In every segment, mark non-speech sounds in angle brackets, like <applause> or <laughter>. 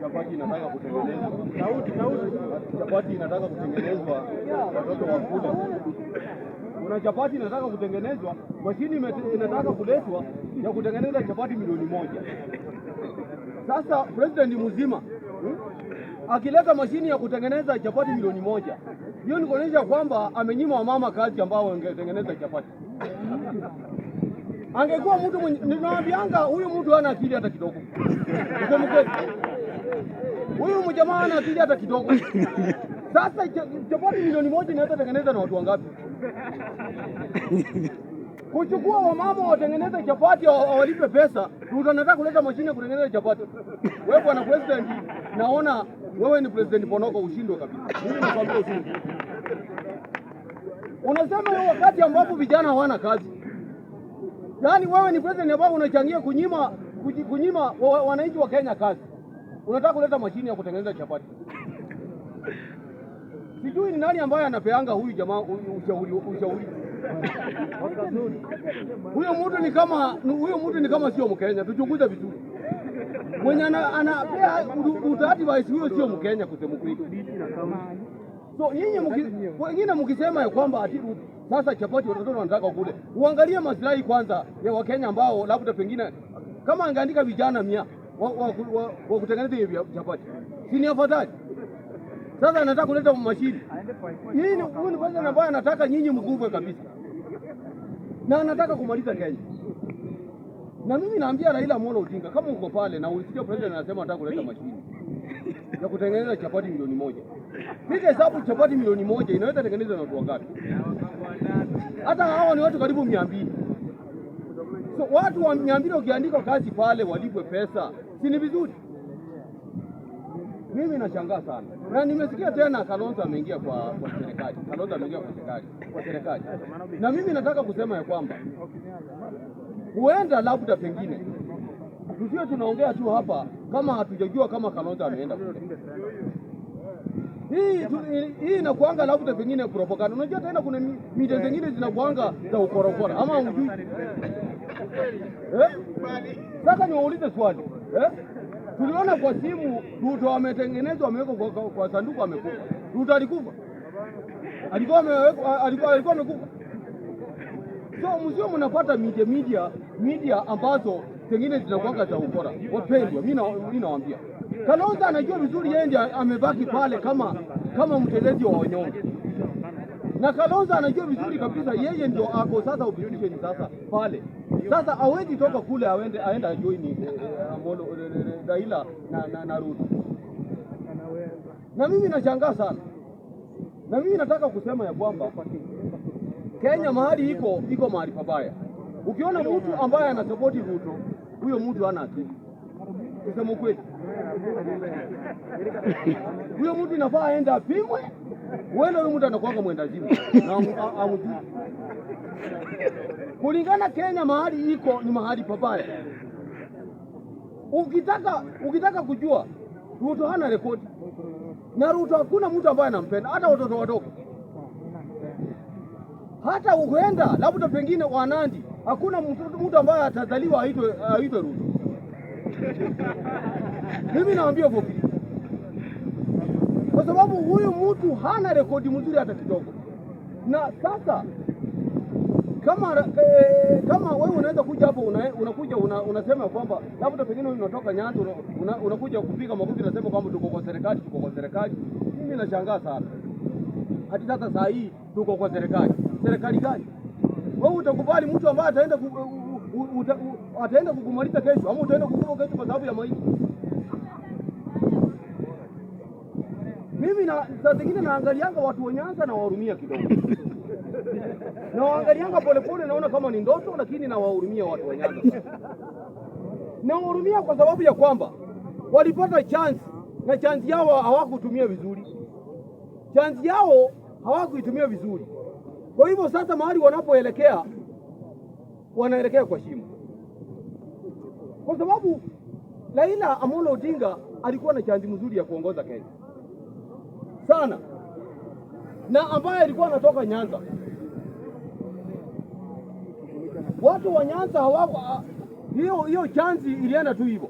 Chapati inataka kutengenezwa, chapati inataka kutengenezwa, watoto Kuna chapati inataka kutengenezwa, mashini inataka kuletwa ya kutengeneza chapati milioni moja. Sasa presidenti mzima hmm, akileta mashini ya kutengeneza chapati milioni moja, hiyo ni kuonyesha kwamba amenyima wamama kazi ambao wangetengeneza chapati. Angekuwa mtu mwenye, ninawaambianga huyu mtu hana akili hata kidogo. Uko Huyu mjamaa hana akili hata kidogo. Sasa chapati milioni moja inaweza tengeneza na watu wangapi? Kuchukua wamama watengeneze chapati awalipe pesa, tunataka kuleta mashine kutengeneza chapati. Wewe bwana president, naona wewe ni president Ponoko, ushindwe kabisa. Mimi nakwambia Unasema wakati ambapo vijana hawana kazi Yaani wewe ni president ambao unachangia kunyima kunyima wananchi wa Kenya kazi, unataka kuleta mashine ya kutengeneza chapati. <laughs> Sijui ni nani ambaye anapeanga huyu jamaa ushauri ushauri. Huyo mtu ni kama huyo mtu ni kama sio Mkenya, tuchunguze vizuri. Mwenye anapea utaratibu huyo sio Mkenya kusema kweli. So nyinyi wengine mkisema ya kwamba ati sasa chapati watoto wanataka kule, uangalie maslahi kwanza ya Wakenya ambao labda pengine kama angeandika vijana mia wa, wa, wa, wa kutengeneza hiyo chapati, si ni afadhali? Sasa anataka kuleta mashini hii, ni pesa ambayo anataka nyinyi mkuve kabisa, na anataka kumaliza Kenya. Na mimi naambia Raila Amolo Odinga, kama uko pale na usikia president anasema anataka kuleta mashini ya kutengeneza chapati milioni moja, piga hesabu, chapati milioni moja inaweza tengenezwa na watu wangapi? Hata hawa ni watu karibu mia mbili. So watu wa mia mbili wakiandikwa kazi pale walipwe pesa, si ni vizuri? Mimi nashangaa sana, na nimesikia tena Kalonzo ameingia kwa kwa serikali. Kalonzo ameingia kwa serikali kwa serikali, na mimi nataka kusema ya kwamba huenda labda pengine tusio tunaongea tu hapa kama hatujajua kama Kalonzo ameenda kule hii inakuanga alafu ta pengine propaganda. Unajua tena kuna mita zingine zinakuanga za ukorokora, ama hujui eh? sasa niwaulize swali eh? Tuliona kwa simu Ruto ametengenezwa amewekwa kwa, kwa, sanduku amekufa. Ruto alikufa, alikuwa amekufa, alikuwa amekufa So msio mnapata media media media ambazo pengine zinakuanga za ukora. Wapendwa, mimi nawaambia Kalonzo anajua vizuri yeye ndiye amebaki pale kama kama mtetezi wa wanyonge, na Kalonzo anajua vizuri kabisa yeye ndio ako sasa opposition sasa pale sasa, awezi toka kule aende aenda join eh, eh, Amolo eh, Raila na na, na Ruto. Na mimi nashangaa sana, na mimi nataka kusema ya kwamba Kenya mahali iko iko mahali pabaya. Ukiona mtu ambaye anasapoti Ruto, huyo mtu hana akili, kusema kweli, Huyo mtu inafaa aende apimwe, wena huyo mtu anakuwaga mwendazimu na amjui kulingana. Kenya mahali iko ni mahali pabaya. Ukitaka ukitaka kujua Ruto hana rekodi na Ruto hakuna mtu ambaye anampenda hata watoto wadogo hata ukwenda labda pengine wanandi hakuna mtu ambaye atazaliwa aitwe aitwe Ruto. <laughs> Mimi naambia hivyo kwa sababu huyu mtu hana rekodi mzuri hata kidogo. Na sasa kama e, kama wewe unaweza kuja hapo una, unakuja una, unasema kwamba labda pengine unatoka Nyanza una, unakuja kupiga makofi unasema kwamba tuko kwa serikali, tuko kwa serikali. Mimi nashangaa sana hadi sasa saa hii tuko kwa serikali serikali gani? Wewe utakubali mtu ambaye ataenda ataenda kukumaliza kesho, ama utaenda kukufa kesho kwa sababu ya maiti? Mimi na saa zingine naangalianga watu wa Nyanza na wahurumia kidogo <laughs> na polepole, naona kama ni ndoto, lakini nawahurumia watu wa Nyanza. Nawahurumia kwa sababu ya kwamba walipata chance na chance yao hawakutumia vizuri, chance yao hawakuitumia vizuri. Kwa hivyo sasa mahali wanapoelekea wanaelekea kwa shimo, kwa sababu Raila Amolo Odinga alikuwa na chanzi mzuri ya kuongoza Kenya sana, na ambaye alikuwa anatoka Nyanza. Watu wa Nyanza hawako hiyo hiyo, chanzi ilienda tu hivyo.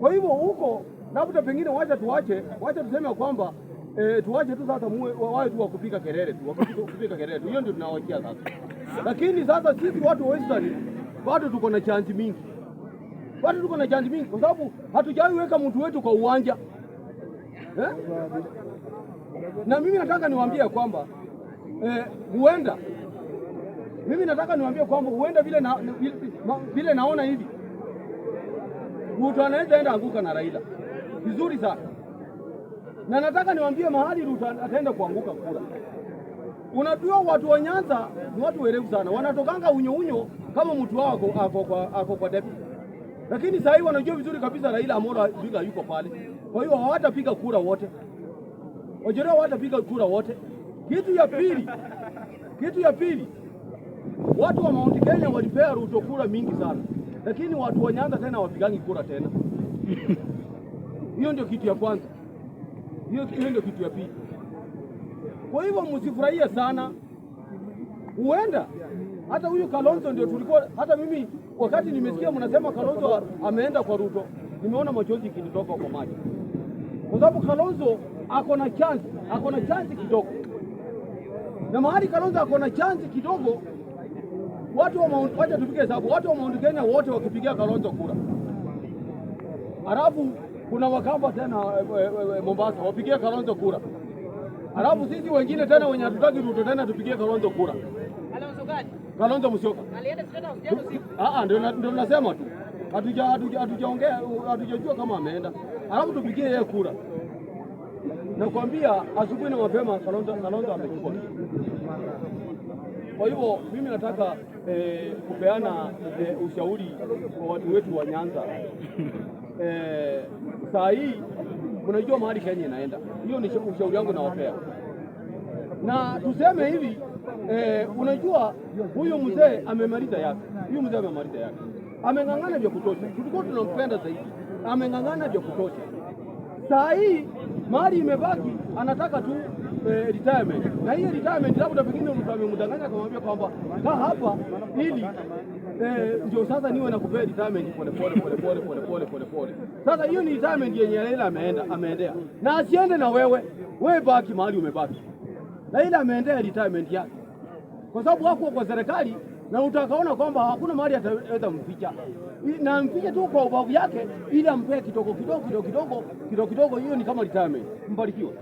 Kwa hivyo huko labda pengine, wacha tuwache, wacha tuseme kwamba eh, tuwache tu sasa, wawe tu wakupiga kelele tu, wakupiga kelele tu, hiyo ndio tunawachia sasa. Lakini sasa sisi watu wa Western bado tuko na chanzi mingi, bado tuko na chanzi mingi kwa sababu hatujaiweka mtu wetu kwa uwanja eh? na mimi nataka niwaambie kwamba eh, huenda eh, mimi nataka niwaambie kwamba huenda vile, na, vile naona hivi mtu anaweza enda anguka na Raila vizuri sana na nataka niwaambie mahali Ruto ataenda kuanguka kura. Unajua watu wa Nyanza ni watu werevu sana, wanatokanga unyo unyo kama mtu wao ako, ako, ako, ako kwa deputy, lakini saa hii wanajua vizuri kabisa Raila Amolo Odinga yuko pale, kwa hiyo hawatapiga kura wote, Wajeria hawatapiga kura wote. Kitu ya pili, kitu ya pili, watu wa Mount Kenya walipea Ruto kura mingi sana, lakini watu wa Nyanza tena wapigangi kura tena hiyo ndio kitu ya kwanza. Hiyo ndio kitu ya pili. Kwa hivyo msifurahie sana, huenda hata huyu Kalonzo ndio tulikuwa. Hata mimi wakati nimesikia mnasema Kalonzo ameenda kwa Ruto, nimeona machozi kinitoka kwa macho, kwa sababu Kalonzo ako na chance, ako na chance kidogo, na mahali Kalonzo ako na chance kidogo, watu wa Mount, wacha tupige hesabu, watu wa Mount Kenya wote wakipigia Kalonzo kura halafu kuna Wakamba tena eh, eh, eh, Mombasa wapigie Kalonzo kura, alafu sisi wengine tena wenye hatutaki Ruto tena tupigie Kalonzo kura. Kalonzo gani? Musyoka ah, ah, ndio nasema tu, hatujaongea hatujajua kama ameenda, alafu tupigie yeye kura. Nakwambia asubuhi na mapema Kalonzo amechukua. Kwa hivyo mimi nataka kupeana ushauri kwa watu wetu wa Nyanza eh, saa hii unajua mahali Kenya inaenda. Hiyo ni ushauri wangu nawapea, na tuseme hivi eh, unajua huyu mzee amemaliza yake, huyu mzee amemaliza yake, ameng'ang'ana vya kutosha. Tulikuwa tunampenda zaidi, ameng'ang'ana vya kutosha. Saa hii mahali imebaki, anataka tu eh, retirement, na hiyo retirement labda pengine mtu amemdanganya akamwambia kwamba kaa hapa ili Eh, ndio sasa niwe nakupea retirement pole pole pole pole pole pole pole pole. Sasa hiyo ni retirement yenye Raila ameenda ameendea, na asiende na wewe, wewe baki mahali umebaki. Raila ameendea retirement yake kwa sababu wako kwa serikali na utakaona kwamba hakuna mahali ataweza mficha na mficha tu kwa ubavu yake, ili ampee kidogo kidogo kidogo kidogo kidogo kidogo. Hiyo ni kama retirement. Mbarikiwe.